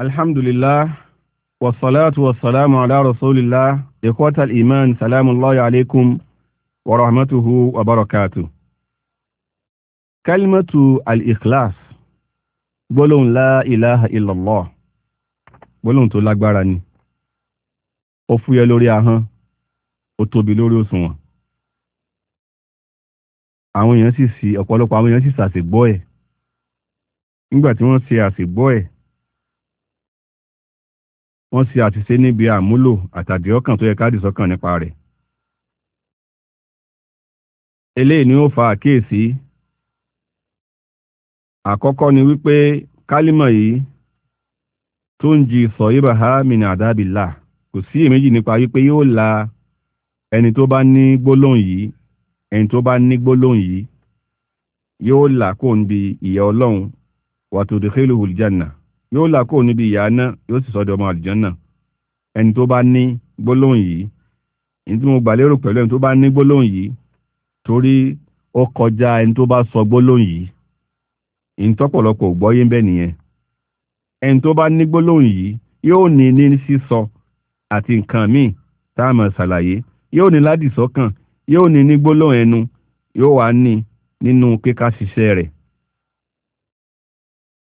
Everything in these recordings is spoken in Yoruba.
alhamdulillah wasalatu wasalamu ala rasulillah ikotal iman salamullahi alaikum wa rahmatuhu wa barakatuh kalimatu al-ikhlas gbólóhùn la ilaha illallah gbólóhùn tó lágbára ni ó fúyẹ́ lórí ahọ́n ó tóbi lórí òṣùwọ̀n àwọn èèyàn sì sí ọ̀pọ̀lọpọ̀ àwọn èèyàn sì sàṣègbọ́ ẹ̀ nígbà tí wọ́n ṣe àṣègbọ́ ẹ̀ wọ́n ṣe àṣìṣe níbi àmúlò àtàdé ọkàn tó yẹ ká dìsọ́kàn nípa rẹ̀ eléyìí ni ó fa àkíyèsí àkọ́kọ́ ni wípé kálímọ̀ yìí tó ń ji sọ ibaha min àdábìlà kò sí èméjì nípa wípé yóò la ẹni tó bá ní gbólóhùn yìí ẹni tó bá ní gbólóhùn yìí yóò là kó ń bi ìyà ọlọ́run wàtòdìkélùhùl jannah yóò là kó níbi ìyà náà yóò sì sọ́dọ̀ ọmọ àlùjànnà ẹni tó bá ní gbólóhùn yìí ẹni tí mo gbà lérò pẹ̀lú ẹni tó bá ní gbólóhùn yìí torí ó kọjá ẹni tó bá sọ gbólóhùn yìí ẹni tọ́pọ̀lọpọ̀ ò gbọ́yé bẹ́ẹ̀ nìyẹn ẹni tó bá ní gbólóhùn yìí yóò ní ní sísọ àti nǹkan míì tá a mọ̀ ṣàlàyé yóò ní ládìsọ́kàn yóò ní ní gbólóhùn ẹnu yóò wá ní nínú kíká ṣiṣẹ́ rẹ̀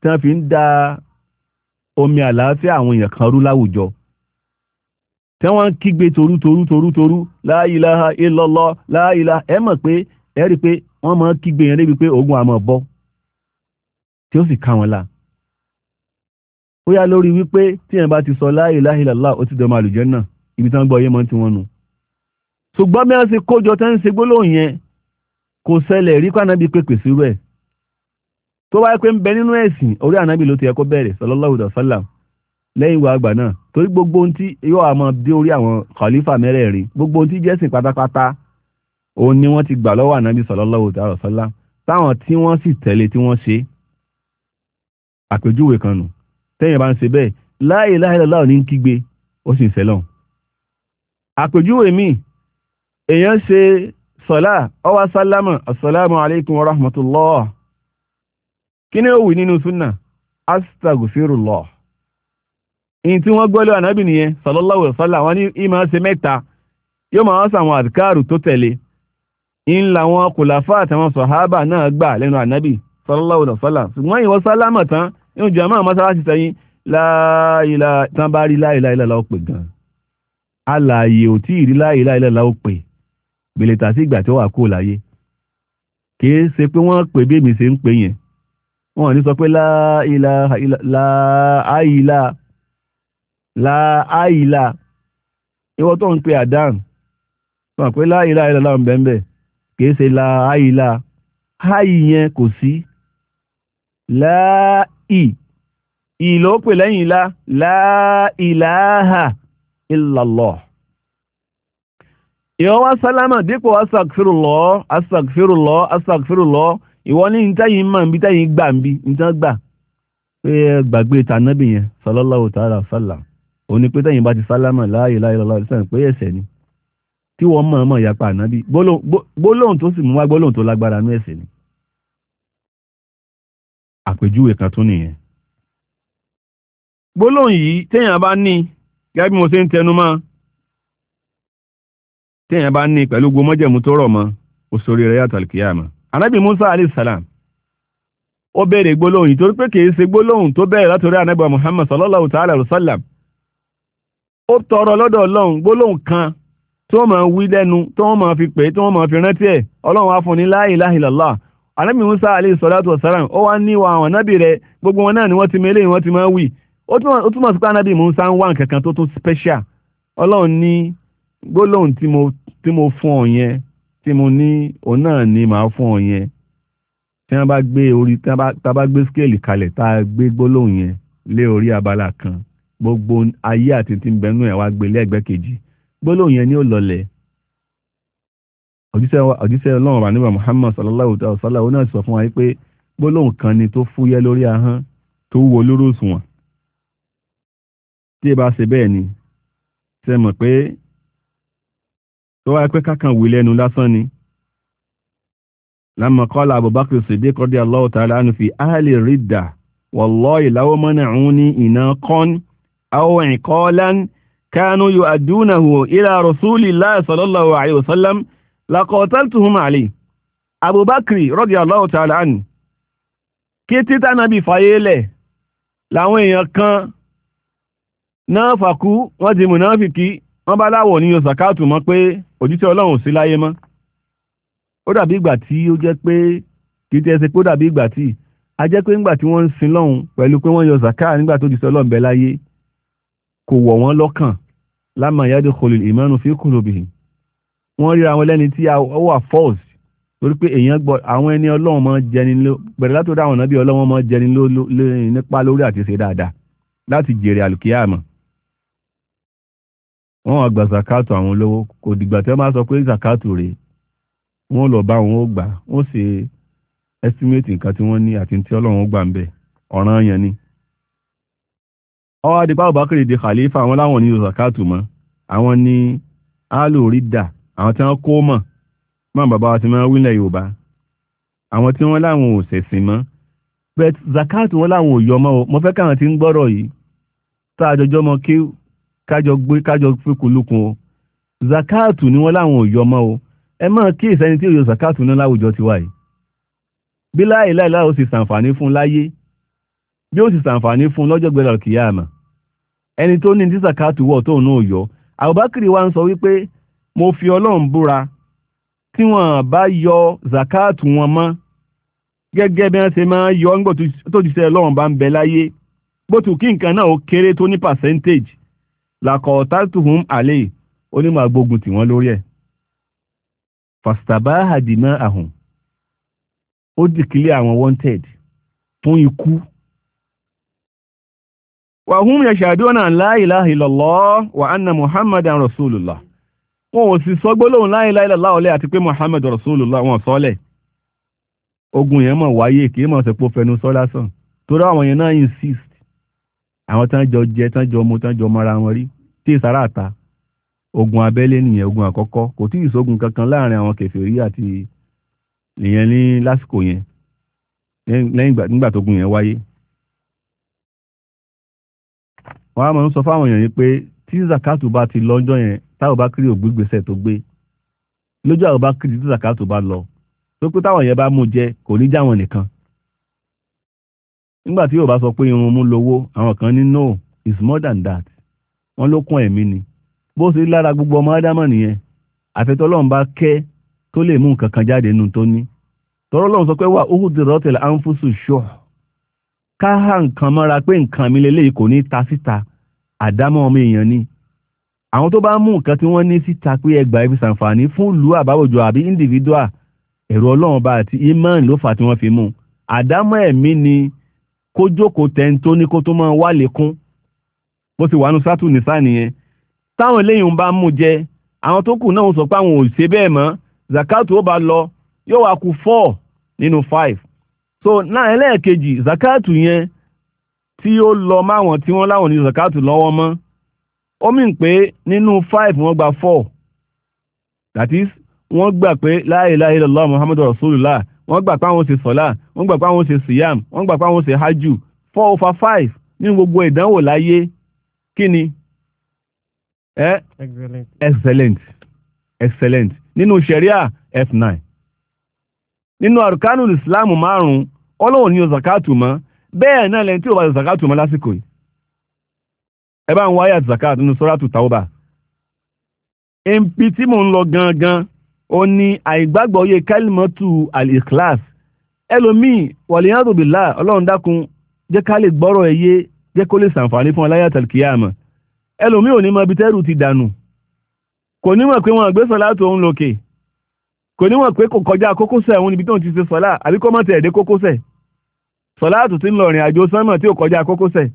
tí wọ́n fi ń da omi àlàáfíà àwọn èèyàn kan rú láwùjọ tí wọ́n ń kígbe torú torú torú torú la ilaha illallah la ilaha ẹ mọ̀ pé ẹ rí i pé wọ́n máa ń kígbe yẹn débi pé ogun àmọ́ bọ́ tí ó sì ká wọn la ó yá lórí wípé tí yẹn bá ti sọ la ilaha illallah ó ti dọ̀mọ àlùjánnà ibi tí wọ́n gbọ́ yé mọ́ tí wọ́n nu ṣùgbọ́n bí wọ́n ṣe kójọ tó ń ṣe gbólóhùn yẹn kò ṣẹlẹ̀ rí kó ànábi pèpè sírú tó wáyé pé ń bẹ nínú ẹ̀sìn orí ànábì ló ti yẹ kó bẹ̀rẹ̀ sallallahu alaihi wasallam lẹ́yìn wa àgbà náà torí gbogbo ohun tí yóò àmọ́ dé orí àwọn khalifa mẹ́rẹ̀ẹ̀rin gbogbo ohun tí jẹ́sìn pátápátá òun ni wọ́n ti gbà lọ́wọ́ ànábì sallallahu alaihi wasallam táwọn tí wọ́n sì tẹ̀lé tí wọ́n ṣe àpèjúwe kan nù tẹ́yìn bá ń ṣe bẹ́ẹ̀ la ilaha illallah ní kígbe ó sì ń sẹ́lọ̀ àpèjúwe míì èèyàn ṣe sọ̀lá assalamu alaikum wa rahmatullah kí ni ó wí nínú súnà astagfirullah in tí wọ́n gbọ́lẹ̀ ànábì nìyẹn sallallahu alaihi wasallam wọ́n ní ìmọ̀ ṣe mẹ́ta yóò máa sàwọn àdìkáàrù tó tẹ̀lé in làwọn kùlàfà àtàwọn sọ̀hábà náà gbà lẹ́nu ànábì sallallahu alaihi wasallam ṣùgbọ́n ìwọ sálámà tán inú jẹ́ máa mọ́sálásí sẹ́yìn láìlá tán bá rí láìlá ìlà láò pè gan alààyè ò tí ì rí láìlá ìlà láò pè gbèlè tàsí ìgbà tí wà kó láyé kì í ṣe pé wọ́n pè bí èmi ṣe ń pè yẹn wọn ní sọ pé láàílà láàílà láàílà ìwọ tó ń pe àdán wọn pé láàílà ìlàlá ń bẹ̀m̀bẹ̀ kìí ṣe láàílà háì yẹn kò sí láàí ìlò pè lẹ́yìn ilá láàílàáhà illallah ìwọ wá sálámà dípò astagfirullah astagfirullah astagfirullah ìwọ ní nítẹ́yìn mọ̀ níbi tẹ́yìn gbà níbi nítẹ́ gbà pé gbàgbé tànábì yẹn sallallahu ta'ala sálà òun ni pé tẹ́yìn bá ti sálámà láàyè láàyè lọ́la ìsàn pé ẹ̀ṣẹ̀ ni tí wọ́n mọ̀ mọ̀ yapa ànábì gbólóhùn tó sì mú wá gbólóhùn tó lágbára ní ẹ̀ṣẹ̀ ni àpèjúwe kan tún nìyẹn gbólóhùn yìí téèyàn bá ní gẹ́gẹ́ bí mo ṣe ń tẹnu mọ́ téèyàn bá ní pẹ̀lú gbogbo tó rọ̀ mọ́ òṣèré rẹ̀ yàtọ̀ kìíyà anabi musa alayhisalam ó béèrè gbólóhùn ìtorí pé kìí se gbólóhùn tó bẹ̀rẹ̀ látòrí anábì muhammad sallallahu ta'ala rasulallah ó tọrọ lọ́dọ̀ ọlọ́run gbólóhùn kan tó máa wí lẹ́nu tó máa fi pè tó máa fi rántí ẹ̀ ọlọ́run á fún la musa wasalam ó wá gbogbo wọn náà ni wọ́n ti mẹ́lẹ̀ wọ́n ti máa wí musa ń wá nǹkan kan tó tún special ọlọ́run ní gbólóhùn tí mo ọ yẹn tí mo ní òun náà ni màá fún ọ yẹn tí wọ́n bá gbé orí tí wọ́n bá gbé scale kalẹ̀ tá a gbé gbólóhùn yẹn lé orí abala kan gbogbo ayé àti tí ń bẹnu ẹ̀ wá gbé lẹ́gbẹ̀ẹ́ kejì gbólóhùn yẹn ni ó lọlẹ̀ òjíṣẹ́ ọlọ́run ọba níbà Muhammad sallallahu alaihi wa sallam ó náà sọ fún wa pé gbólóhùn kan ni tó fúyẹ́ lórí ahọ́n tó wúwo lórí òṣùwọ̀n tí ẹ bá ṣe bẹ́ẹ̀ ni ṣe mọ̀ pé tó wáyé pé kákan wí lẹ́nu lásán ni lamma qala abubakar siddiq radiyallahu ta'ala anhu fi ahli ridda wallahi law mana'uni inaqan aw iqalan kanu yu'addunahu ila rasulillahi sallallahu alayhi wa sallam laqataltuhum alayhi abubakar radiyallahu ta'ala anhu kété tánàbí fayélẹ̀ láwọn èèyàn kan náà fàkú wọ́n ti mùnáfìkí wọ́n bá láwọ̀ òjíṣẹ́ ọlọ́run sí láyé mọ́ ó dàbí ìgbà tí ó jẹ́ pé kì í ti ẹsẹ̀ pé ó dàbí ìgbà tí a jẹ́ pé nígbà tí wọ́n ń sin lọ́hùn pẹ̀lú pé wọ́n yọ zaka nígbà tó jíṣẹ́ ọlọ́run bẹ láyé kò wọ̀ wọ́n lọ́kàn lámà yádé kòlì ìmánu fi qulubihim wọ́n rí àwọn ẹlẹ́ni tí ó wà false torí pé èèyàn gbọ́ àwọn ẹni ọlọ́run mọ́ jẹni ló bẹ̀rẹ̀ látòdà àwọn ọ̀nà bí ọlọ́run mọ́ jẹni ló nípa lórí àti ṣe dáadáa láti jèrè àlùkíyàmọ̀ wọ́n wá gba zakato àwọn olówó kò dìgbà tí wọ́n bá sọ pé zakato rèé wọ́n lọ bá wọn ó gbà wọ́n ṣe estimate nǹkan tí wọ́n ní àti tí ọlọ́run ó gbà ń bẹ̀ ọ̀ràn yẹn ni. ọwọ́ adìpá Abubakar di khalifa àwọn láwọn ní zakato mọ́ àwọn ní alòrídà àwọn tí wọ́n kó mọ̀ mọ́ bàbá wa ti máa wílẹ̀ Yorùbá àwọn tí wọ́n láwọn ò ṣẹ̀sìn mọ́ bẹ́ẹ̀ zakato wọn láwọn ò yọ mọ́ kájọ gbé kájọ pé kò lókun o zakatu ni wọ́n láwọn òyọ ọmọ o ẹ máa kí ìsẹ́ni tí òyọ zakatu náà láwùjọ ti wáyé bí láìláì láì ó sì sàǹfààní fún láyé bí ó sì sàǹfààní fún lọ́jọ́ gbẹ̀rẹ̀ kìyàmà ẹni tó ní tí zakatu wọ̀ tóun náà yọ àbúbákiri wa ń sọ wípé mo fi ọlọ́run búra tí wọ́n bá yọ zakatu wọn mọ́ gẹ́gẹ́ bí wọ́n ṣe máa yọ nígbà tó ti ṣe ọlọ́run bá ń bẹ láyé bó tù kí nǹkan náà ó kéré tó ní percentage lakọ̀ọ̀tàtùhùn àlè onímọ̀ agbógun tì wọ́n lórí ẹ̀ fàṣtàbá àdìmọ́ àhùn ó dìkílẹ̀ àwọn wanted fún ikú wà hum yashaduna la ilaha illallah wà anna muhammadan rasulullah wọn ò sì sọ gbólóhùn la ilaha illallah muhammad rasulullah wọn ogun yẹn mọ̀ wáyé kì í mọ̀ sẹ́pọ̀ fẹnu sọ lásán torí àwọn insist àwọn tán jọ jẹ tán jọ mu tán jọ mọ́ra wọn rí tí ìsára àta ogun abẹ́lé nìyẹn ogun àkọ́kọ́ kò tí ìṣógun kankan láàrin àwọn kèfèrí àti nìyẹn ní lásìkò yẹn lẹ́yìn nígbà tó gun yẹn wáyé wọ́n á máa ń sọ fáwọn èèyàn yìí pé tí zakatu bá ti lọ́jọ́ yẹn táwọn bá kiri ògbégbèsè tó gbé lójú àwọn bá kiri tí zakatu bá lọ tó pé táwọn yẹn bá mú jẹ kò ní jáwọn nìkan nígbà tí yóò bá sọ pé irun mú lówó àwọn kan ní no is more than that wọ́n ló kún ẹ̀mí ni bó ṣe lára gbogbo ọmọ ádámọ̀ nìyẹn àfẹ́tọ́lọ́run bá kẹ́ tó lè mú nǹkan kan jáde nínú tó ní tọ́rọ́ lọ́run sọ pé wà uhudiratil anfusu shuh ká há nǹkan mọ́ra pé nǹkan mi lélẹ́yìí kò ní ta síta àdámọ́ ọmọ èèyàn ni àwọn tó bá mú nǹkan tí wọ́n ní síta pé ẹgbàá ẹbí sàǹfààní fún ìlú àbáwòjọ àbí individual ẹ̀rọ ọlọ́run bá àti imán ló fà tí wọ́n fi mú àdámọ́ ẹ̀mí ni kó jókòó tẹ́ni tó ní kó tó máa wá lékún bó sì wà nù sátù nìsá nìyẹn táwọn eléyìí ń bá mú jẹ àwọn tó kù náà sọ pé àwọn ò ṣe bẹ́ẹ̀ mọ́ zakatu ó bá lọ yóò wá kù four nínú five so náà ẹlẹ́ẹ̀kejì zakatu yẹn tí ó lọ máwọn tí wọ́n láwọn ní zakatu lọ́wọ́ mọ́ ó mìn pé nínú five wọ́n gba four that is wọ́n gbà pé la ilaha illallah muhammadu rasulullah wọ́n gbà pé àwọn ṣe sọ́lá wọ́n gbà pé àwọn ṣe siyam wọ́n gbà pé àwọn ṣe hajj four over five nínú gbogbo ìdánwò láyé kí ni. excellent excellent excellent nínú sharia f nine. nínú arkanul islam márùn-ún ọlọ́wọ̀n ní zakatu mọ́ bẹ́ẹ̀ náà lẹ́yìn tí ó bá zakatu mọ́ lásìkò yìí ẹ bá ń wáyà zakatu nínú suratu tawba. èmpì tí mò ń lọ gangan ó ní àìgbàgbọ́yé kálímọ́tù al-ikhlas ẹlòmíì wàlíyàn rògbìlà ọlọ́run dákun jẹ́ ká lè gbọ́rọ̀ ẹ yé jẹ́ kó lè sàǹfààní fún aláyà tàlkìyàmọ̀ ẹlòmíì ò ní mọ ibi tẹ́rù ti dànù kò níwọ̀n pé wọn àgbésọ̀ láti òun lòkè kò níwọ̀n pé kò kọjá kókósẹ̀ òun níbi tóun ti ṣe sọ́lá àbí kọ́ mọ̀tẹ̀ ẹ̀dẹ́ kókósẹ̀ sọ́lá àtò tí ń lọ rìn àjò sánmà tí ò kọjá kókósẹ̀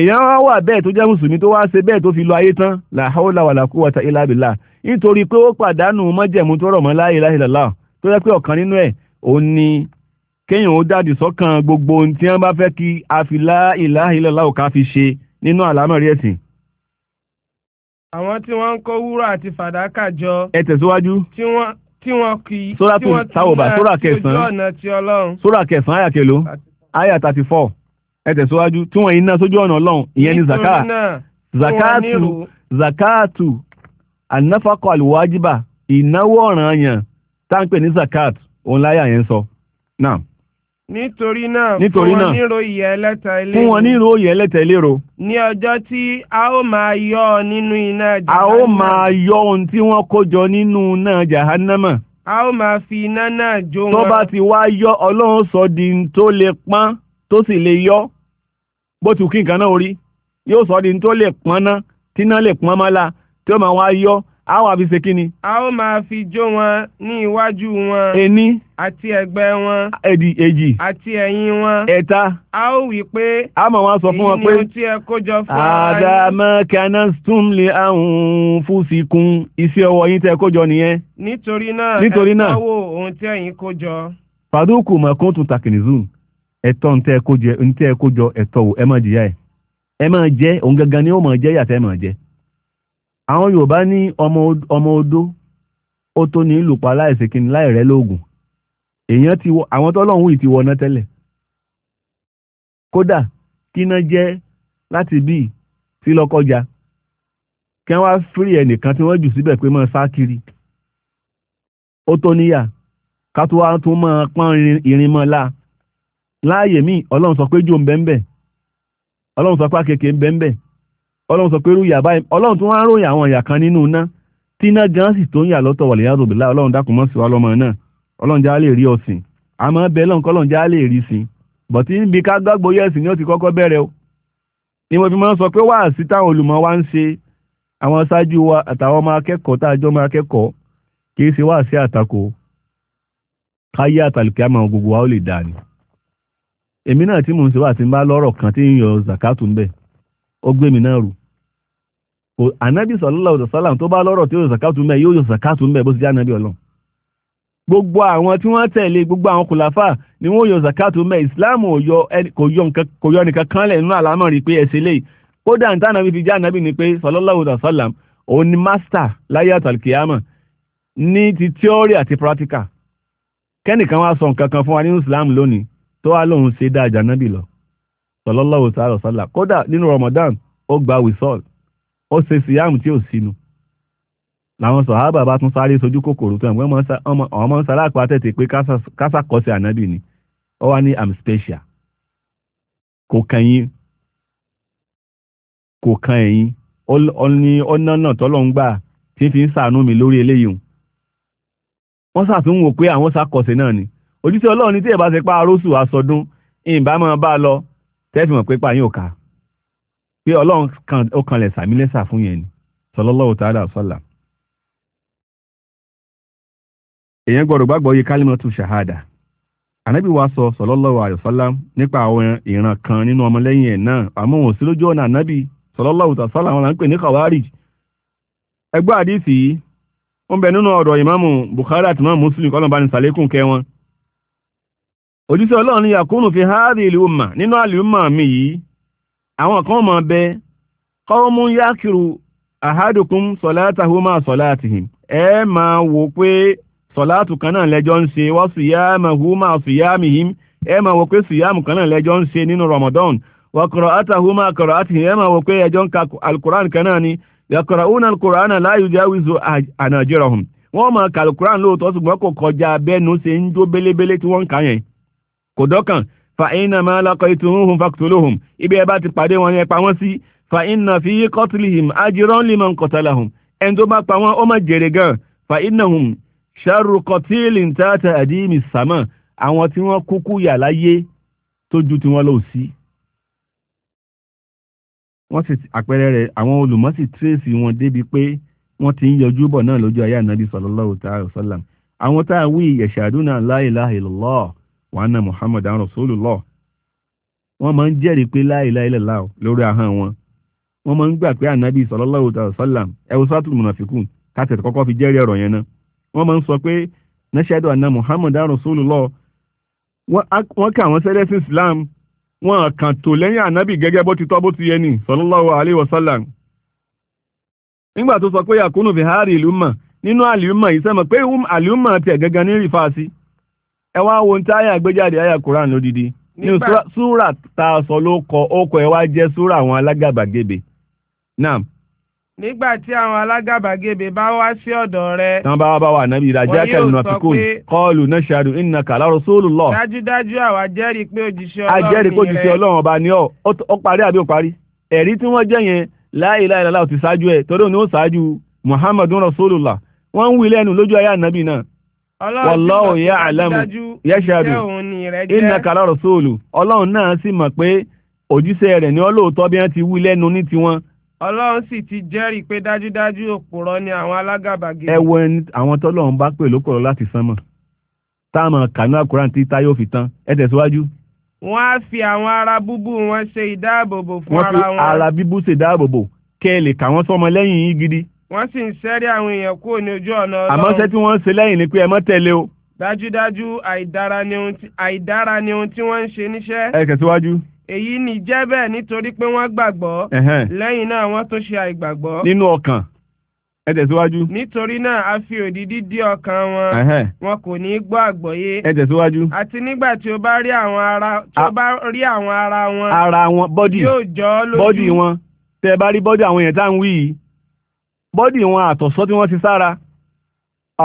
èèyàn wá wà bẹ́ẹ̀ tó jẹ́ mùsùlùmí tó wá ṣe bẹ́ẹ̀ tó fi lọ ayé tán làhàólà wàlàkúwàtà ìlàbìlà nítorí pé ó pàdánù mọ́jẹ̀mú tó rọ̀ mọ́ la ilaha illallah tó yẹ pé ọ̀kan nínú ẹ̀ òun ni kéèyàn ó dàdí sọ́kàn gbogbo ohun tí wọ́n bá fẹ́ kí a fi la ilaha illallah ká fi ṣe nínú àlámọ̀rí ẹ̀sìn. àwọn tí wọ́n ń kó wúrà àti fàdákà jọ. ẹ tẹ̀síwájú. tí wọ́n tí wọ́n kì í. sórà tó sáwọ̀bà sórà kẹsàn-án sórà kẹsàn-án àyà kẹló àyà thirty four ẹ tẹ̀síwájú tí wọ́n iná sójú ọ̀nà ọlọ́run ìyẹn ni zaka zakatu ànáfàkọ̀ àlùwájìbà ìnáwó ọ̀ranyàn táǹpè ní zakat òun láyà yẹn sọ náà. nítorí náà nítorí náà fún wọn ní ròyìn ẹlẹ́ta eléro fún wọn ní ròyìn ẹlẹ́ta eléro. ní ọjọ́ tí a ó máa yọ ọ nínú iná jahannama. a ó máa yọ ohun tí wọ́n kó jọ nínú iná jahannama. a ó máa fi iná náà jó wọn. tó bá ti wá yọ ọlọ́run sọ di tó lè pọ́n tó sì lè yọ bó ti kí nǹkan náà orí yóò sọ di tó lè pọ́n ná tí iná lè pọ́n mọ́ la tí ó máa wá yọ, a wà fi ni. a ó máa fi jó wọn ní iwájú wọn. ení. àti ẹgbẹ́ wọn. èdì èjì. àti ẹ̀yìn wọn. ẹ̀ta. a ó wí pé. a ma wá sọ fún wọn pé. èyí ni ohun tí ẹ kó fún wa. àdàmọ́ iṣẹ́ ọwọ́ yín tẹ nìyẹn. nítorí náà nítorí náà ẹ ohun tí ẹ̀yin kó tún ẹ̀tọ́ àwọn Yorùbá ní ọmọ odó ó tó ní lùpa láìsí kí ni láìrẹ́ lóògùn èèyàn ti wọ àwọn tọ́lọ́hún yìí ti wọná tẹ́lẹ̀ kódà kíná jẹ́ láti bíi sí lọ́kọjá kí wọ́n wá fírí ẹnìkan tí wọ́n jù síbẹ̀ pé máa sá kiri ó tó níyà ká tó wá tún máa pọ́n irin mọ́ la láàyè míì ọlọ́run sọ pé jò ń bẹ́ńbẹ́ ọlọ́run sọ pé àkekèé ń bẹ́ńbẹ́ ọlọ́run sọ pé irú ìyà báyìí ọlọ́run tó wọ́n ròyìn àwọn ìyà kan nínú iná tí iná gan sì tó ń yà lọ́tọ̀ wà lẹ́yìn àdòbìlá ọlọ́run dákun mọ́ sí wa lọ́mọ náà ọlọ́run já lè rí ọ̀sìn àmọ́ bẹ́ẹ̀ lọ́n kọ́ lọ́run já lè rí sí bọ̀tí níbi ká gbàgbọ́ yẹ̀sì ni ó ti kọ́kọ́ bẹ̀rẹ̀ o ni mo fi máa ń sọ pé wáàsí táwọn olùmọ̀ wa ń ṣe àwọn ṣáájú wa àtàwọn ọmọ akẹ́kọ̀ọ́ tá a jọ máa kẹ́kọ̀ọ́ kì í ṣe wáàsí àtakò káyé àtàlùkẹ́ àmọ́ gbogbo wa ó lè dà ní èmi náà tí mò ń ṣe wà tí ń bá lọ́rọ̀ kan tí ń yọ zakato ń bẹ̀ ó gbé mi náà rù ànábì sallallahu alaihi wasallam tó bá lọ́rọ̀ tí ó yọ zakatu mẹ́ yóò yọ zakatu mẹ́ bó ti jẹ́ ànábì ọlọ́run gbogbo àwọn tí wọ́n tẹ̀lé gbogbo àwọn kùlàfà ni wọ́n yọ zakatu mẹ́ ìsìláàmù kò yọ nìkan kan lẹ̀ nínú àlámọ̀ rí pé ẹ̀sẹ̀ lè kódà ní tànàbí fi jẹ́ ànábì ni pé sallallahu alaihi wasallam òun ni mástà láyé àtàlùkìyàmọ̀ ní ti tíọ́rì àti pírátíkà kẹ́nìkan wá sọ nǹkan kan fún wa nínú ìsìláàmù lónìí tó wá lóun ṣe dáa jànábì lọ sallallahu alaihi kódà nínú Ramadan ó gba wisọ́ọ̀lù ó ṣe síyàmù tí ò sínú làwọn sọ̀hábà bá tún sáré sojú kòkòrò tó ẹ̀gbọ́n ọmọ ń sáré àpá tètè pé kásàkọ́sí ànábì ni ó wá ní am special kò kàn yín kò kàn ẹ̀yìn ó ní ọ̀nà náà tọ́lọ́ ń gbà tí fi ń sàánú mi lórí eléyìí wọ́n ṣàtúnwò pé àwọn sàkọ̀sẹ̀ náà ni ojúṣe ọlọ́run ní tí ẹ̀ bá ṣe pa arósù àsọdún ìbámu bá lọ tẹ́fì pé pààyàn ò kà á pé ọlọ́run kan ó kanlẹ̀ sàmí lẹ́sà fún yẹn ni sallallahu ta'ala sallam èèyàn gbọ́dọ̀ gbàgbọ́ yé kálímọ̀tù ṣàhádà ànábì wa sọ sallallahu alayhi nípa àwọn ìran kan nínú ọmọlẹ́yìn ẹ̀ náà àmọ́ sí lójú ọ̀nà ànábì wọn là ń pè ní ẹgbẹ́ àdìsí bẹ nínú ọ̀rọ̀ Bukhari àti Muslim ní wọn àwọn kan mọ̀ bẹ kọ́ọ̀mù yákìrù àhádùkún sọ̀látàhù máa sọ̀látìhìm ẹ máa wò pé sọ̀látù kan náà lẹ́jọ́ ń ṣe wá sùyámàhù máa sùyámìhìm ẹ máa wò pé sùyámù kan náà lẹ́jọ́ ń ṣe nínú Ramadan wà kọ̀rọ̀átàhù máa kọ̀rọ̀átìhìm ẹ máa wò pé ẹjọ́ ń ka alukuran kan náà ni yàkọ̀rọ̀ún alukuran láàyò jáwìzò ànàjẹ́rọ̀hùn wọ́n máa ka alukuran lóòótọ́ ṣùgbọ́n kò kọjá abẹ́nu ṣe ń dó bélébélé tí wọ́n ń kà yẹn kò dọ́kàn fa iná máa lákọ̀ ìtùhún fàkùtùlóhùn ibi ẹ bá ti pàdé wọn ẹ pa wọ́n sí fa iná fi kọ́tùlìhìm ajírán lè máa ń kọ̀tàlà hùn ẹni tó bá pa wọ́n ó máa jèrè gan fa iná hùn ṣàrù kọtíìlì ń tààtà àdìmí sàmà àwọn tí wọ́n kúkú yà láyé tó ju tí wọ́n sí. wọ́n sì àpẹẹrẹ rẹ̀ àwọn olùmọ̀ tírèsì wọn débi pé wọ́n ti ń yọjú bọ̀ náà lójú ayé ànábì sallallahu ta'ala wa anna muhammadan rasulullah wọ́n máa ń jẹ́rìí pé la ilaha lórí ahọ́n wọn wọ́n máa ń gbà pé ànábì sallallahu alaihi wasallam ẹ̀wọ̀n suratul munafiqun kátẹ̀tẹ̀ fi jẹ́rìí ọ̀rọ̀ yẹn náà wọ́n máa ń sọ pé nashhadu anna muhammadan rasulullah wọn kà wọ́n sẹ́lẹ̀ sí islam wọ́n kàn tó lẹ́yìn ànábì gẹ́gẹ́ bó ti ẹ wá wo tí àyà gbéjáde àyà Quran lódìdí ní súrà tá a sọ kọ ọkọ ẹ wá jẹ́ súrà àwọn alágàbàgebè náà. nígbà tí àwọn alágàbàgebè bá wá sí ọ̀dọ̀ rẹ. tán bá wá bá wà nábì náà fi náà ṣàdùn dájúdájú àwa jẹ́rìí pé òjíṣẹ́ ọlọ́run ọba ni ó parí àbí ó parí ẹ̀rí tí wallahu ya'lamu yashhadu innaka la rasulu ọlọ́run náà sì mọ̀ pé òjíṣẹ́ rẹ̀ ni ọlọ́ọ̀tọ́ bí wọ́n ti wí lẹ́nu ní tiwọn. ọlọ́run sì ti jẹ́rìí pé dájúdájú òpùrọ́ ni àwọn alágàbàgebè. ẹ wo àwọn tọ́lọ́run bá pè lókọ̀rọ̀ láti sánmọ̀ táwọn kànú àkùrán tí táyọ̀ fi tán ẹ tẹ̀síwájú. wọ́n á fi àwọn ara búbú wọn ṣe ìdáàbòbò fún ara wọn. wọ́n fi ara bíbú ṣe ìdáàbòbò kẹ́ ẹ lè kà wọ́n sọ́mọ lẹ́yìn yín gidi wọ́n sì ń sẹ́rí àwọn èèyàn kúrò ní ojú ọ̀nà ọlọ́run. àmọ́ ṣé tí wọ́n ń ṣe lẹ́yìn ni pé ẹ mọ́ tẹ̀lé o. dájúdájú àìdára ni ohun tí wọ́n ń ṣe níṣẹ́. ẹ kẹ̀síwájú èyí ni jẹ́ bẹ́ẹ̀ nítorí pé wọ́n gbàgbọ́ lẹ́yìn náà wọ́n tún ṣe àìgbàgbọ́. nínú ọkàn ẹ tẹ̀síwájú. nítorí náà a fi òdìdí dí ọkàn wọn wọn kò ní í gbọ́ àgbọ́yé. ẹ tẹ̀síwájú. àti nígbà tí o bá rí àwọn ara tí o bá rí àwọn ara wọn. ara wọn bọ́dì yóò jọ ọ́ lójú. bọ́dì wọn tẹ ẹ bá rí bọ́dì àwọn yẹn tá à ń wí yìí bọ́dì wọn àtọ̀sọ́ tí wọ́n ti sára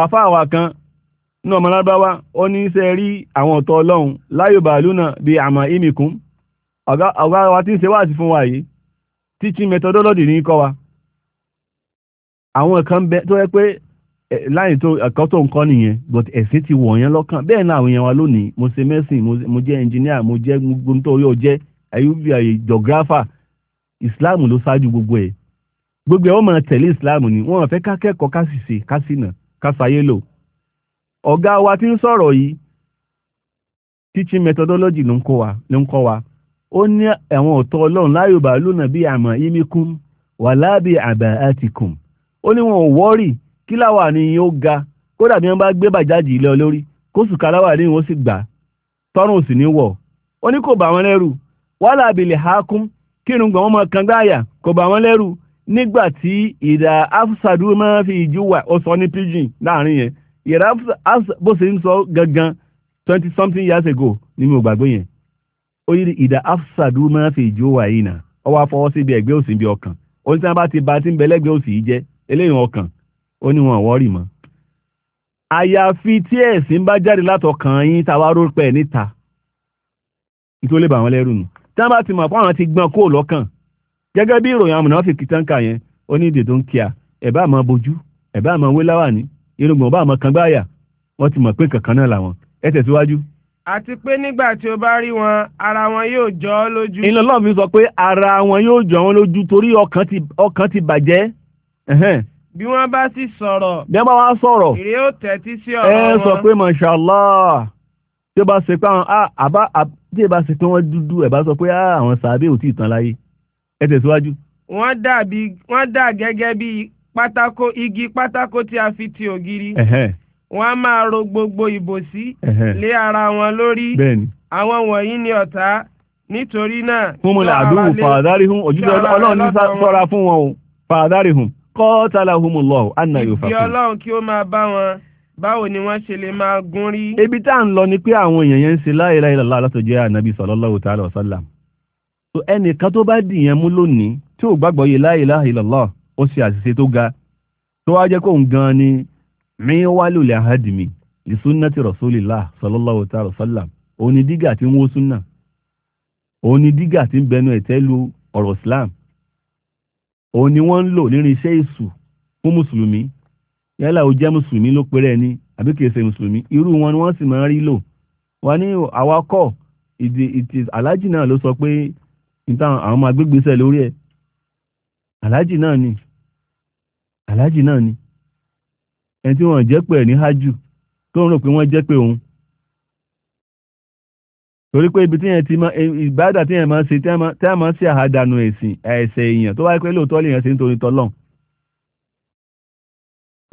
àfáàwà kan ní ọmọ lábáwá ó ní iṣẹ́ rí àwọn ọ̀tọ̀ ọlọ́run bàálù náà bí àmà ìmìkún ọ̀gá wa tí ń ṣe wáàsí fún wa yìí teaching methodology ní kọ́ wa àwọn kan bẹ tó yẹ pé eh, láyìn tó ẹ̀kọ́ tó ń kọ́ nìyẹn but ẹ̀sìn ti wọ̀ yẹn lọ́kàn bẹ́ẹ̀ náà àwọn èèyàn wa lónìí mo ṣe mẹ́sìn mo jẹ́ engineer mo jẹ́ gbogbo nítorí ó jẹ́ ayúbíà geographer Islam ló ṣáájú gbogbo ẹ̀ gbogbo ẹ̀ máa ni wọ́n fẹ́ ká kẹ́kọ̀ọ́ ká sì wa tí ń sọ̀rọ̀ yìí teaching methodology ló ń kọ́ wa ó ní àwọn ọ̀tọ̀ ọlọ́run láyò bá lónà bí àmọ́ imikum wà wọn ò kí ni ó ga kódà bí bá gbé bàjáàjì ilé olórí ni sì gbà sì ní ó ní kò lẹ́rù wàhálà àbìlẹ̀ hákún kírun gbọ̀n wọn mọ kò wọn lẹ́rù nígbà tí ìdá afsadu máa fi ìjú wà ó sọ ní pidgin láàrin yẹn ìdá bó ṣe ń sọ gangan twenty something years ago ni mo gbàgbé yẹn ó yí ìdá afsadu máa fi ìjú wà yìí nà ó wá fọwọ́ sí ibi òsì ibi ọkàn ó ní sábà ti ba tí ń bẹ lẹ́gbẹ̀ẹ́ òsì yìí jẹ́ eléyìí ọkàn ó ní wọn àwọ́rì mọ́. àyàfi tí ẹ̀sìn bá jáde látọkàn yín táwa rò pẹ́ níta nítorí lè lẹ́rù nù tí wọ́n bá ti mọ̀ pé àwọn ti gbọ́n kó lọ́kàn gẹ́gẹ́ bí ìròyìn amúnáfíkì tán kà yẹn ó ní ìdè tó ń kíá ẹ̀bá àmọ́ bojú ẹ̀bá àmọ́ wé láwàní irúgbọ̀n ọba àmọ́ kan gbáàyà wọ́n ti mọ̀ pé kankan náà làwọn ẹ tẹ̀síwájú. àti pé nígbà tí o bá rí wọn ara wọn yóò jọ ọ́ lójú. iná lọ́ọ̀ mi sọ pé ara wọn yóò jọ wọn lójú torí ọkàn ti bàjẹ́ bí wọ́n bá sì sọ̀rọ̀. bí wọ́n bá wá sọ̀rọ̀. ire ó tẹ́tí sí ọ̀rọ̀ wọn. Ah, ẹ sọ pé ah, ẹ tẹ̀síwájú. wọ́n dàbí wọ́n dà gẹ́gẹ́ bí pátákó igi pátákó tí a fi ti ògiri. wọ́n á máa ro gbogbo ìbòsí lé ara wọn lórí. àwọn wọ̀nyí ni ọ̀tá nítorí náà. fún mi làdúrà fàdárì hùn òjijì ọlọ́run ní sọ́ra fún wọn o fàdárì hùn kọ́ọ̀tàlá hùn lọ́ọ̀ àná yóò fà fún. ibi ọlọ́run kí ó máa bá wọn báwo ni wọ́n ṣe lè máa gún rí. ibi tá à ń lọ ni pé àwọn èèyàn yẹn ń ṣe láìláìlá látọjọ́ ànábì sallallahu ta'ala wa sallam ẹnìkan tó bá dìyẹn mú lónìí tí ò gbàgbọ́ yìí la ilaha illallah ó ṣe àṣìṣe tó ga tó wá jẹ́ kóun gan ni mi wá lòlẹ̀ àhádìmí li sunnati rasulillah sallallahu ta'ala sallam o ni dígà tí ń wó súnà ni dígà tí ń bẹnu ẹ̀tẹ́ ọ̀rọ̀ wọ́n ń lò nínú iṣẹ́ èṣù fún mùsùlùmí yálà ó jẹ́ mùsùlùmí ló àbí kìí ṣe ni wọ́n sì máa ń rí lò ní ìdí ìtì sọ pé nítawọn àwọn máa gbégbèsè lórí ẹ̀ aláàjì náà ni aláàjì náà ni ẹni tí wọ́n jẹ́ pé ní hájù tó ń rò pé wọ́n jẹ́ pé òun torí pé ibi tí yẹn ti máa ìbádà tí yẹn máa ṣe tí a máa ṣe àhádànù ẹ̀sìn ẹ̀ṣẹ̀ èèyàn tó wáyé pé lóòótọ́ lèèyàn ṣe nítorí tọ́lọ́n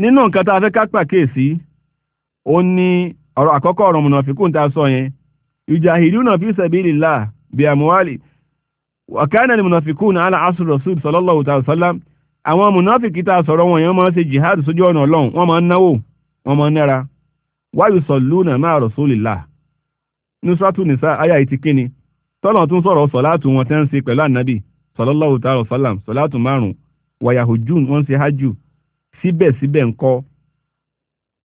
nínú nǹkan tá a fẹ́ ká pàkíyèsí ó ní ọ̀rọ̀ àkọ́kọ́ ọ̀rọ̀ mùnàfíkùn tá a sọ yẹn ìjà ìlú náà fi sabilillah bí àmúwálì wàkánà ni munafikun ala asr rasul sallallahu alaihi wasallam àwọn munafiki tá sọ̀rọ̀ wọn yẹn máa ṣe jihad sójú ọ̀nà ọlọ́run wọ́n máa ń náwó wọ́n máa ń nára wa yusalluna ma'a rasulillah ní sọ́tù nìsá ayá ìtì kíni tọ́lọ̀ tún sọ̀rọ̀ sọ̀látù wọn tẹ́ ń sallallahu alaihi wasallam sọ̀látù márùn wa yahujjun wọ́n ṣe hajjù síbẹ̀síbẹ̀ ń kọ́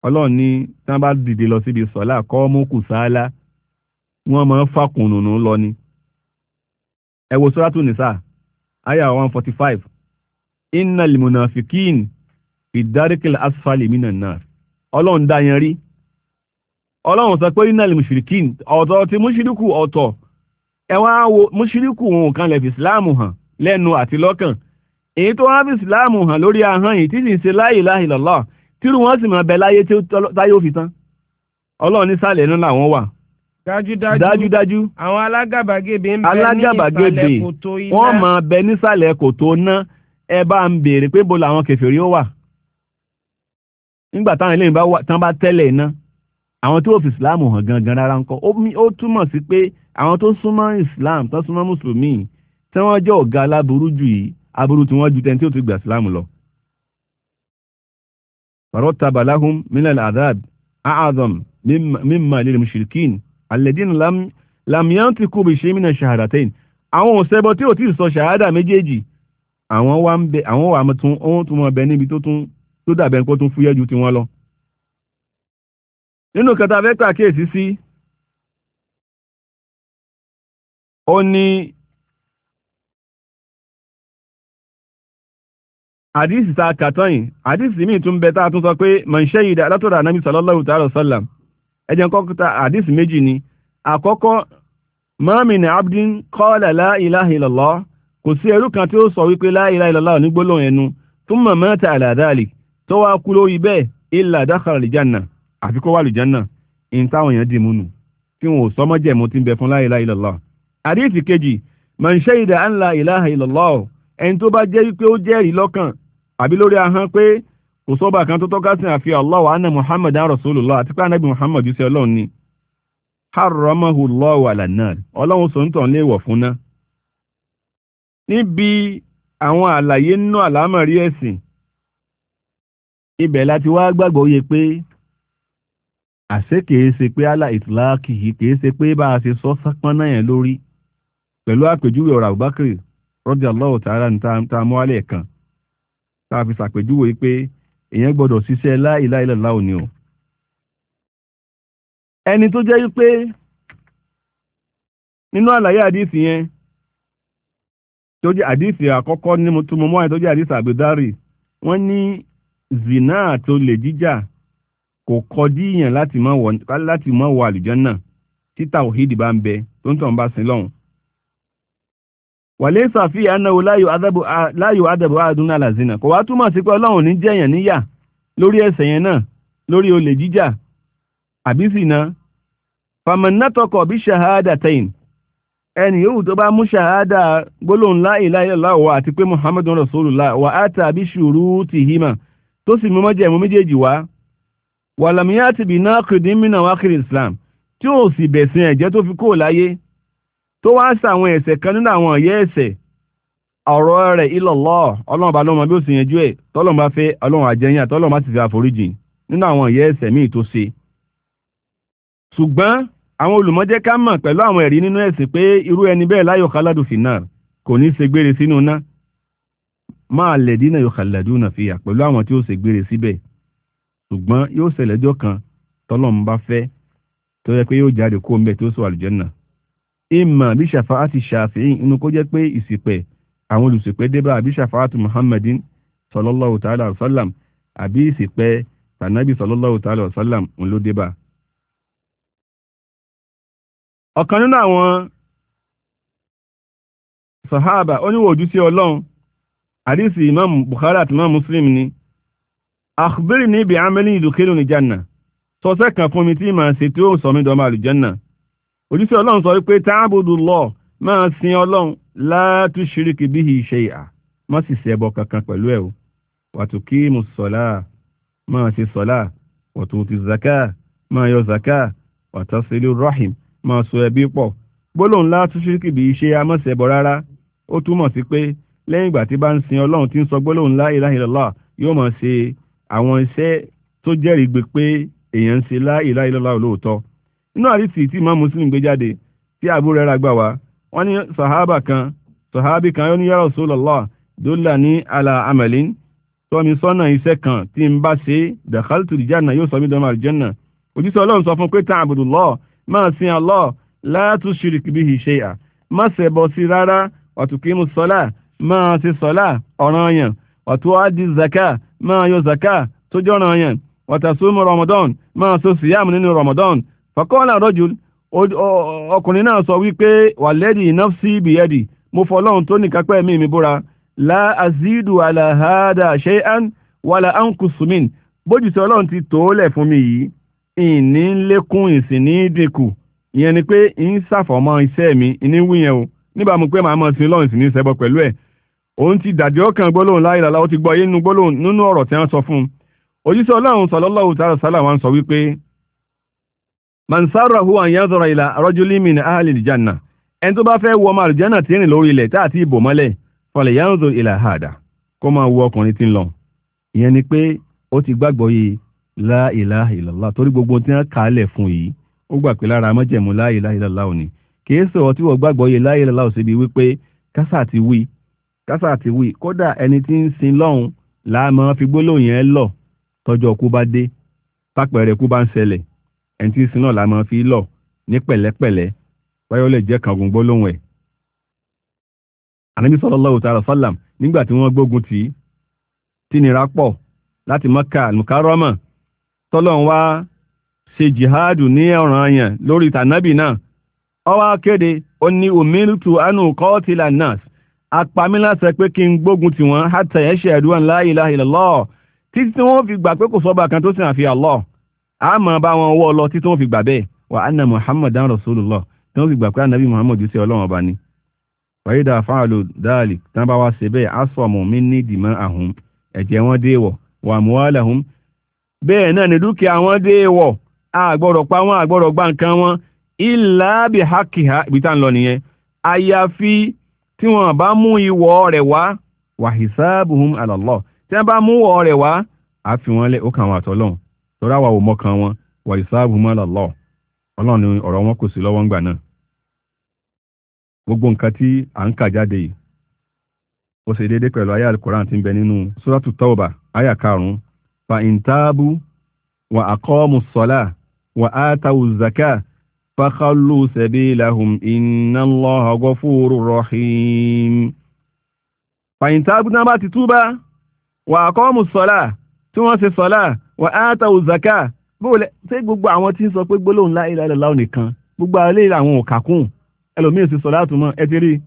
ọlọ́run ní tí wọ́n bá dìde lọ síbi sọ̀lá kọ́ mọ́kù sáálá wọ́n máa ń ni ẹ wo sọ́ràtù one forty five inna limunafikin ìdáríkìl asfali ọlọ́run dá yẹn rí ọlọ́run sọ pé inna limushrikin ọ̀tọ̀ ti mushriku ọ̀tọ̀ ẹ wá wo kan lè fi ìsìláàmù hàn lẹ́nu àti lọ́kàn èyí tó wá fi ìsìláàmù hàn lórí ahọ́n yìí ṣe tírú wọn sì máa bẹ láyé dájúdájú àwọn alágàbàgebè ń bẹ ní ìsàlẹ̀ kòtò iná wọ́n máa bẹ nísàlẹ̀ kòtò iná ẹ bá ń béèrè pé bo làwọn kèfèrí ó wà nígbà táwọn eléyìí tán bá tẹ́lẹ̀ iná àwọn tó fi islam hàn gangan rárá ń kọ́ ó túmọ̀ sí pé àwọn tó súnmọ́ islam tó súnmọ́ mùsùlùmí tí wọ́n jẹ́ ọ̀gá aláburú jù yìí aburú tí wọ́n ju tẹ́ni tí ó ti gbà islam lọ. farotabalahum minal adab aadam mimma lil mushrikin alẹ́dínà lamiyan ti kú bí ṣe mí náà ṣahadatain àwọn òṣèbọ tí ò tí ì sọ ṣahada méjèèjì àwọn wà ń bẹ àwọn wà tún ohun tó mọ bẹ níbi tó tún tó dàbẹ kó tún fúyẹ́ ju ti wọn lọ. nínú kẹta fẹ́ pàkíyèsí sí ó ní àdìsí ta kàtọ́yìn àdìsí míì tún bẹ tá a tún sọ pé mọ̀ṣẹ́yìí látọ̀dọ̀ anábì sallallahu ta'ala sallam ẹjẹ́ kọ́kọ́ta àdísì méjì ni àkọ́kọ́ mọ́mìnà abdín kọ́ọ̀lẹ̀ láìláha illallah kò sí ẹrú kan tí ó sọ wípé láìláha illallah ní gbólóhùn ẹnu tún mọ̀ mẹ́ta àlàdáàlì tó wá kú lórí bẹ́ẹ̀ ilà dákàrà lìjánà àfi kó wà lìjánà in táwọn èèyàn dì múnu tí wọn ò sọmọ jẹ̀mú ti ń bẹ fún láìláha illallah àdísì kejì man shahida an láìláha illallah ẹni tó bá jẹ́ wípé ó jẹ́rìí lọ́kàn àbí lórí ahọ́n pé kò sọ́ba kan tó tọ́ka sí àfi Allah wa anna muhammadan rasulullah àti pé anábì muhammad ṣe ọlọ́run ni haramahu Allahu ala nar ọlọ́run sọ ń tàn léèwọ̀ fún ná. níbi àwọn àlàyé nínú àlámọ̀rí ẹ̀sìn ibẹ̀ láti wá gbàgbọ́ yẹ pé àṣé kìí ṣe pé allah itlaki yìí kìí ṣe pé bá a ṣe sọ sápọ́n náà yẹn lórí pẹ̀lú àpèjúwe ọ̀rọ̀ Abubakar radiyallahu ta'ala ní tá a kan tá a èyàn gbọ́dọ̀ ṣiṣẹ́ láìláìlàlá òní o ẹni tó jẹ́ wípé nínú àlàyé àdífì yẹn tó jẹ́ àdífì àkọ́kọ́ ní mo túnmọ̀ mọ́ tó jẹ́ àdífì wọ́n ní zina àti olè jíjà kò kọdíyàn láti má wọ àlùjànnà tí tàwhídì bá ń bẹ tó ń tàn bá sin wàlẹ́ sàfí anáwó láyò adàbò àdúnà làzínà kò wá túmọ̀ sí pé ọlọ́run ní jẹ̀yàn níyà lórí ẹ̀ṣẹ̀ yẹn náà lórí olè jíjà àbí ṣìnà fàmọ̀nàtọkọ̀ bí ṣahádà tẹ̀yìn ẹni yòówù tó bá mú ṣahádà gbólóhùn la ilaha illallah àti pé muhammadu rasulullah wà á ta bí shurutihima tó sì mú mọ́jẹ̀mú méjèèjì wá wàlàmíyàtì bí náà kìdí mìíràn wákìrì islam tí ó sì bẹ̀sìn ẹ̀jẹ̀ tó fi kó láyé tó wá sàwọn ẹ̀ṣẹ̀ kan nínú àwọn ọ̀yẹ́ ẹ̀ṣẹ̀ ọ̀rọ̀ rẹ̀ ilọ̀lọ́ ọlọ́run bá lọ́mọ bí ó sì yanjú ẹ̀ tọ́lọ́run bá fẹ́ ọlọ́run àjẹyìn àtọ́lọ́run bá sì fi àforíjìn nínú àwọn ọ̀yẹ́ ẹ̀ṣẹ̀ míì tó ṣe. ṣùgbọ́n àwọn olùmọ́jẹ́ ká mọ̀ pẹ̀lú àwọn ẹ̀rí nínú ẹ̀sìn pé irú ẹni bẹ́ẹ̀ láyò káládù fi náà kò ní ṣe gbére sínú ná máa lẹ̀ dínà yóò káládù náà fi hàn pẹ̀lú àwọn tí ó ṣe gbére síbẹ̀ ṣùgbọ́n yóò ṣẹlẹ̀jọ́ kan tọ́lọ́run bá fẹ́ tó yẹ pé yóò jáde kó ń bẹ̀ tó sọ àlùjẹ́ náà imma bí ṣàfáàtì ṣàfihìn inú kó jẹ́ pé ìsìpẹ̀ àwọn olùsìpẹ̀ débà àbí ṣàfáàtì muhammadin sallallahu ta'ala wasallam àbí ìsìpẹ̀ tànàbí sallallahu ta'ala wasallam òun ló débà. ọ̀kan nínú àwọn sahaba oníwò ojú sí ọlọ́run àdísì imam bukhari àti imam muslim ni akhbirni bi amali yudkhiluni janna sọ́sẹ́ kan fún mi tí màá ṣe tí ó sọ mí dọ́mọ àlùjànnà òjíṣẹ́ ọlọ́run sọ wípé táàbùdù lọ máa sin ọlọ́run látú ṣíríkì bí ìṣe ìhà má sì ṣe ẹbọ kankan pẹ̀lú ẹ̀ o wàtú kí mu sọ̀lá máa ṣe sọ̀lá wàtú ti zaka máa yọ zaka wàtá sílú rahim máa so ẹbí pọ̀ gbólóhùn látú ṣíríkì bí ìṣe a má ṣe ẹbọ rárá ó túmọ̀ sí pé lẹ́yìn ìgbà tí bá ń sin ọlọ́run tí ń sọ gbólóhùn la ilaha illallah yóò máa ṣe àwọn iṣẹ́ tó jẹ́rìí gbé pé èèyàn ń ṣe la ilaha illallah inú àrísì tí imam muslim gbé jáde tí Abu Huraira gbà wá wọ́n ní sahaba kan sahabi kan yóò ní ya Rasulullah dullani ala amalin tọ́ mi sọ́nà iṣẹ́ kan tí n bá ṣe dakhaltu aljanna yóò sọ mí dọ́mọ aljanna òjíṣẹ́ ọlọ́run sọ fún pé ta'budullah máa sin Allah la tushrik bihi shay'a má ṣẹbọ sí rárá wàtùkímù sọ́lá máa ṣe sọ́lá ọ̀ranyàn wàtú adi zaka máa yọ zaka tó jọ́ranyàn wàtàsúmù ramadan máa ṣe síyàmù nínú ramadan fàkọ́ọ̀lá rọ́jù ọkùnrin náà sọ wípé wàlẹ́dì nafsi bìyẹ́dì mo fọlọ́run tó ní kápẹ́ mi mi búra la azidu alahada shay'an wala ankusumin bójútó ọlọ́run ti tó lẹ̀ fún mi yìí ìní lékún ìsìn ní dínkù ìyẹn ni pé ń ṣàfọ̀mọ́ iṣẹ́ mi ní wíyẹn o níbàámu pé màá mọ̀ sí ọlọ́run sì ní ṣẹbọ pẹ̀lú ẹ̀ òun ti dàdí ọkàn gbólóhùn láyé ti gbọ́ yé nínú gbólóhùn nínú ọ̀rọ̀ tí wọ́n sọ fún un òjíṣẹ́ ọlọ́run sallallahu ta'ala sálà wọn sọ wípé mansara huwa ń yẹ́sọ̀rọ̀ ila rajuli ní ahàlì ìjànà ẹni tó bá fẹ́ wọ ọmọ àlùjánà tí ń rìn lórí ilẹ̀ táàtì ìbò mọ́lẹ̀ fọlẹ̀ yánzò ìlà àdà kó máa wo ọkùnrin tí ń lọ ìyẹn ni pé ó ti gbàgbọ́ yìí la ilaha illallah torí gbogbo tí wọ́n kà á lẹ̀ fún yìí ó gbà pé lára mọ́jẹ̀mú la ilaha illallah òní kìí sọ̀rọ̀ tí wọ́n gbàgbọ́ yìí la ilaha illallah òsèbi wípé kásà ti wí kásà ti wí kódà ẹni tí ń sin lọ́hùn láàmú fi gbólóhùn yẹn lọ tọjọ́ kú bá dé pápẹ̀rẹ̀ kú bá ń ẹni tí ń sin náà la máa fi lọ ní pẹ̀lẹ́pẹ̀lẹ́ báyọ̀ lè jẹ́ kàngùn gbólóhùn ẹ̀. ànábì sallallahu ta'ala sallam nígbà tí wọ́n gbógun tì í tí nira pọ̀ láti Mákà al-Mukarrama tọ́lọ́n wá ṣe jihadu ní ọ̀ranyàn lórí tànábì náà ó wá kéde ó ní umirtu anu qatila nas apami láṣẹ pé kí n gbógun tì wọ́n hatta yashhadu an la ilaha illallah títí tí wọ́n fi gbà pé kò sọ́ba kan tó sìn àfi Allah a máa bá wọn wọ́ lọ tí tó ń fi gbà bẹ́ẹ̀ wà anna muhammadan rasulullah tí wọ́n fi gbà pé ànábì muhammad sí ọlọ́run ọba ni wàyídà fáàlù dáàlì tán bá wá ṣe bẹ́ẹ̀ asọ̀mù mi ní dìmọ́ àhún ẹ̀jẹ̀ wọn déèwọ̀ wà muwalahum bẹ́ẹ̀ náà ni dúkìá wọn déèwọ̀ àgbọ̀rọ̀ pa wọn àgbọ̀rọ̀ gbá nǹkan wọn ilà bí hakiha ibi tá ń lọ nìyẹn àyàfi tí wọn bá mú ìwọ̀ rẹ̀ wá wà hisabuhum ala Allah tí wọn bá mú ìwọ̀ rẹ̀ wá àfi wọn lé ó kàn wọn àtọ́lọ́hùn lọ́ra wa ò mọ̀kàn wọn wà ìsáàbù mọ́ lọ́lọ́ ọlọ́run ni ọ̀rọ̀ wọn kò sí lọ́wọ́ ńgbà náà gbogbo nǹkan tí à ń kà jáde yìí ó ṣe déédéé pẹ̀lú ayé alukoran tí ń bẹ nínú sóràtù tọ́ọ̀bà ayà karùn fa ìntàbù wà àkọ́ọ̀mù sọ́lá wà áátàwù zaka fakhallu sabilahum inna Allaha ghafurur rahim fa ìntàbù náà bá ti túbá wà àkọ́ọ̀mù sọ́lá tí wọ́n ṣe sọ́lá wà á ta òzàká bóòlẹ̀ ṣé gbogbo àwọn tí ń sọ pé gbólóhùn la ilaha illallah nìkan gbogbo àwọn eléyìí àwọn òkàkùn ẹlòmíín sì sọ látùmọ̀ ẹ ti rí i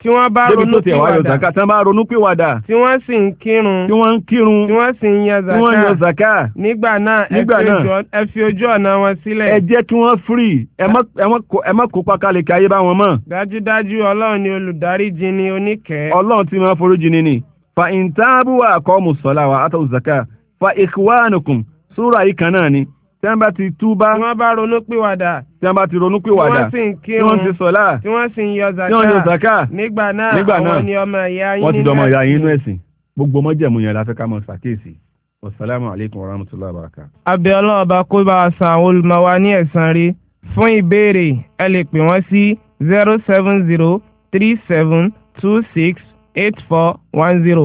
tí wọ́n bá ronú pìwàdà tí wọ́n bá ronú pìwàdà tí wọ́n sì ń kírun tí wọ́n ń kírun tí wọ́n sì ń yan zaka tí wọ́n yan zaka nígbà náà nígbà náà ẹ fi ojú ọ̀nà wọn sílẹ̀. ẹ jẹ́ kí wọ́n free ẹ má kópa kalẹ̀ kí ayé bá wọn mọ̀. dájúdájú ọlọ́run ni olùdáríjì ni oníkẹ́. ọlọ́run ti ni fa ìntàbùwà kọ́ mùsọ̀lá wa àtọ̀ fa ikhwanukum súra yìí kan náà ni tí wọ́n bá ti túbá. tí wọ́n bá ronú pìwàdà. tí wọ́n bá ti ronú pìwàdà. tí wọ́n sì ń kírun tí wọ́n ti sọ̀lá. tí wọ́n sì ń yọ zaka. tí wọ́n yọ zaka. nígbà náà nígbà náà wọ́n ni ọmọ ìyá yín nínú ẹ̀sìn. wọ́n ti dọmọ ìyá yín nínú ẹ̀sìn gbogbo mọ́jẹ̀mú yẹn la fẹ́ ká mọ ṣàkíyèsí wasalaamu aleykum wa rahmatulahi wa abẹ́ ọlọ́ọ̀bá kó bá a san olùmọ̀ wa ní ẹ̀san rí fún ìbéèrè ẹ lè pè wọ́n sí zero seven zero three seven two six eight four one zero